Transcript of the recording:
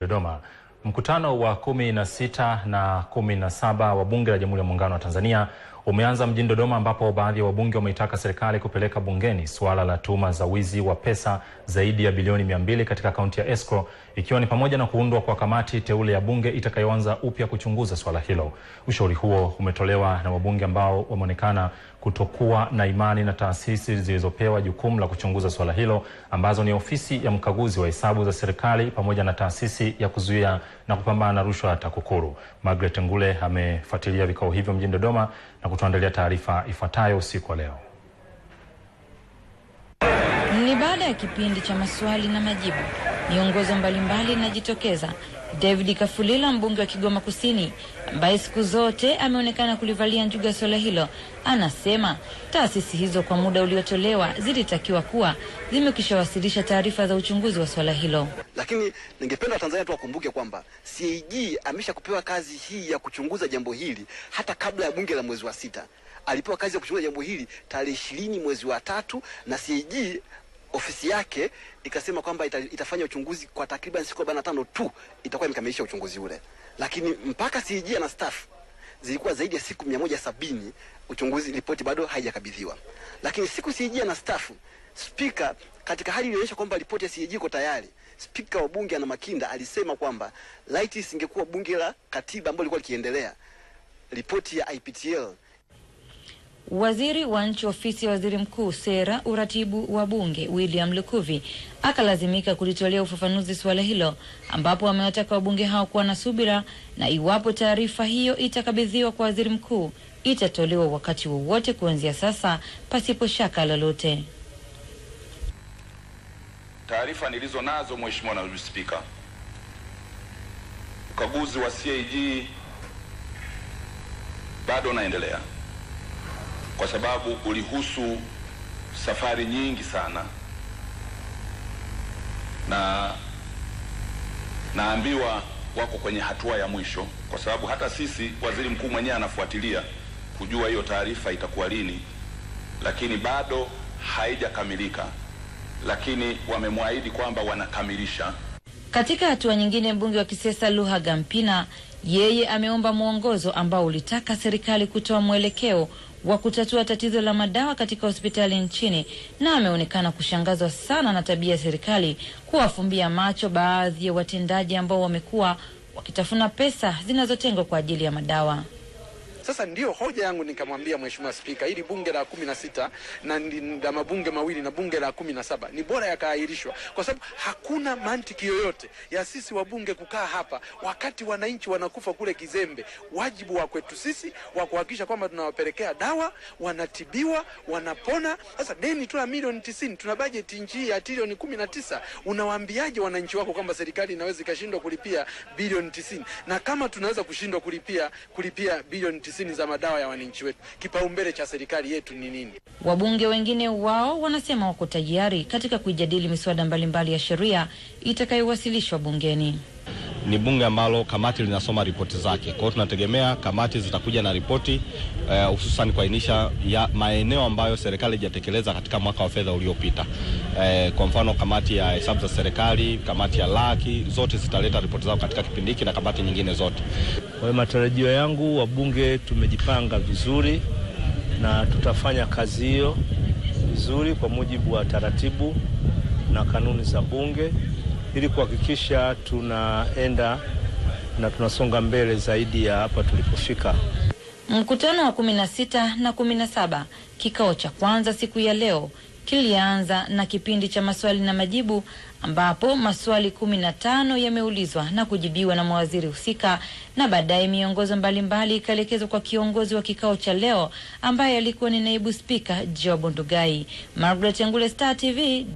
Dodoma. Mkutano wa kumi na sita na kumi na saba wa Bunge la Jamhuri ya Muungano wa Tanzania umeanza mjini Dodoma ambapo baadhi ya wabunge wameitaka serikali kupeleka bungeni suala la tuhuma za wizi wa pesa zaidi ya bilioni mia mbili katika kaunti ya escrow ikiwa ni pamoja na kuundwa kwa kamati teule ya bunge itakayoanza upya kuchunguza suala hilo. Ushauri huo umetolewa na wabunge ambao wameonekana kutokuwa na imani na taasisi zilizopewa jukumu la kuchunguza suala hilo ambazo ni ofisi ya mkaguzi wa hesabu za serikali pamoja na taasisi ya kuzuia na kupambana na rushwa TAKUKURU. Margaret Ngule amefuatilia vikao hivyo mjini Dodoma na kutuandalia taarifa ifuatayo usiku wa leo. Ni baada ya kipindi cha maswali na majibu, miongozo mbalimbali inajitokeza. David Kafulila, mbunge wa Kigoma Kusini, ambaye siku zote ameonekana kulivalia njuga swala hilo, anasema taasisi hizo kwa muda uliotolewa zilitakiwa kuwa zimekishawasilisha taarifa za uchunguzi wa swala hilo. Lakini ningependa Tanzania tu wakumbuke kwamba CAG amesha kupewa kazi hii ya kuchunguza jambo hili hata kabla ya bunge la mwezi wa sita. Alipewa kazi ya kuchunguza jambo hili tarehe ishirini mwezi wa tatu na CAG ofisi yake ikasema kwamba ita, itafanya uchunguzi kwa takriban siku tano tu itakuwa imekamilisha uchunguzi ule, lakini mpaka CAG na staff zilikuwa zaidi ya siku sabini uchunguzi, ripoti bado haijakabidhiwa. Lakini siku CAG na staff, spika katika hali ilionyesha kwamba ripoti ya CAG iko tayari Spika wa bunge ana Makinda alisema kwamba laiti isingekuwa bunge la katiba ambalo lilikuwa likiendelea, ripoti ya IPTL. Waziri wa nchi ofisi ya waziri mkuu sera uratibu wa bunge William Lukuvi akalazimika kulitolea ufafanuzi suala hilo, ambapo amewataka wabunge hao kuwa na subira na iwapo taarifa hiyo itakabidhiwa kwa waziri mkuu itatolewa wakati wowote kuanzia sasa pasipo shaka lolote. Taarifa nilizo nazo, Mheshimiwa Naibu Spika, ukaguzi wa CAG bado unaendelea kwa sababu ulihusu safari nyingi sana, na naambiwa wako kwenye hatua ya mwisho, kwa sababu hata sisi waziri mkuu mwenyewe anafuatilia kujua hiyo taarifa itakuwa lini, lakini bado haijakamilika lakini wamemwahidi kwamba wanakamilisha. Katika hatua nyingine, mbunge wa Kisesa Luha gampina yeye ameomba mwongozo ambao ulitaka serikali kutoa mwelekeo wa kutatua tatizo la madawa katika hospitali nchini, na ameonekana kushangazwa sana na tabia ya serikali kuwafumbia macho baadhi ya watendaji ambao wamekuwa wakitafuna pesa zinazotengwa kwa ajili ya madawa. Sasa ndio hoja yangu, nikamwambia Mheshimiwa Spika, ili bunge la kumi na sita na na mabunge mawili na bunge la kumi na saba ni bora yakaahirishwa, kwa sababu hakuna mantiki yoyote ya sisi wabunge kukaa hapa wakati wananchi wanakufa kule Kizembe. Wajibu wa kwetu sisi wa kuhakikisha kwamba tunawapelekea dawa, wanatibiwa, wanapona. Sasa deni tuna milioni tisini, tuna bajeti nchi hii ya trilioni kumi na tisa. Unawaambiaje wananchi wako kwamba serikali inaweza ikashindwa kulipia bilioni tisini na kama tunaweza kushindwa kulipia kulipia bilioni tisini tisini za madawa ya wananchi wetu. Kipaumbele cha serikali yetu ni nini? Wabunge wengine wao wanasema wako tayari katika kuijadili miswada mbalimbali ya sheria itakayowasilishwa bungeni ni bunge ambalo kamati linasoma ripoti zake. Kwa hiyo tunategemea kamati zitakuja na ripoti eh, hususan uh, kuainisha ya maeneo ambayo serikali haijatekeleza katika mwaka wa fedha uliopita. Uh, kwa mfano kamati ya hesabu za serikali, kamati ya laki zote zitaleta ripoti zao katika kipindi hiki na kamati nyingine zote. Kwa hiyo matarajio yangu, wabunge tumejipanga vizuri na tutafanya kazi hiyo vizuri kwa mujibu wa taratibu na kanuni za bunge ili kuhakikisha tunaenda na tunasonga mbele zaidi ya hapa tulipofika. Mkutano wa kumi na sita na kumi na saba kikao cha kwanza siku ya leo kilianza na kipindi cha maswali na majibu ambapo maswali kumi na tano yameulizwa na kujibiwa na mawaziri husika, na baadaye miongozo mbalimbali ikaelekezwa kwa kiongozi wa kikao cha leo ambaye alikuwa ni naibu spika Job Ndugai. Margaret Ngule, Star TV.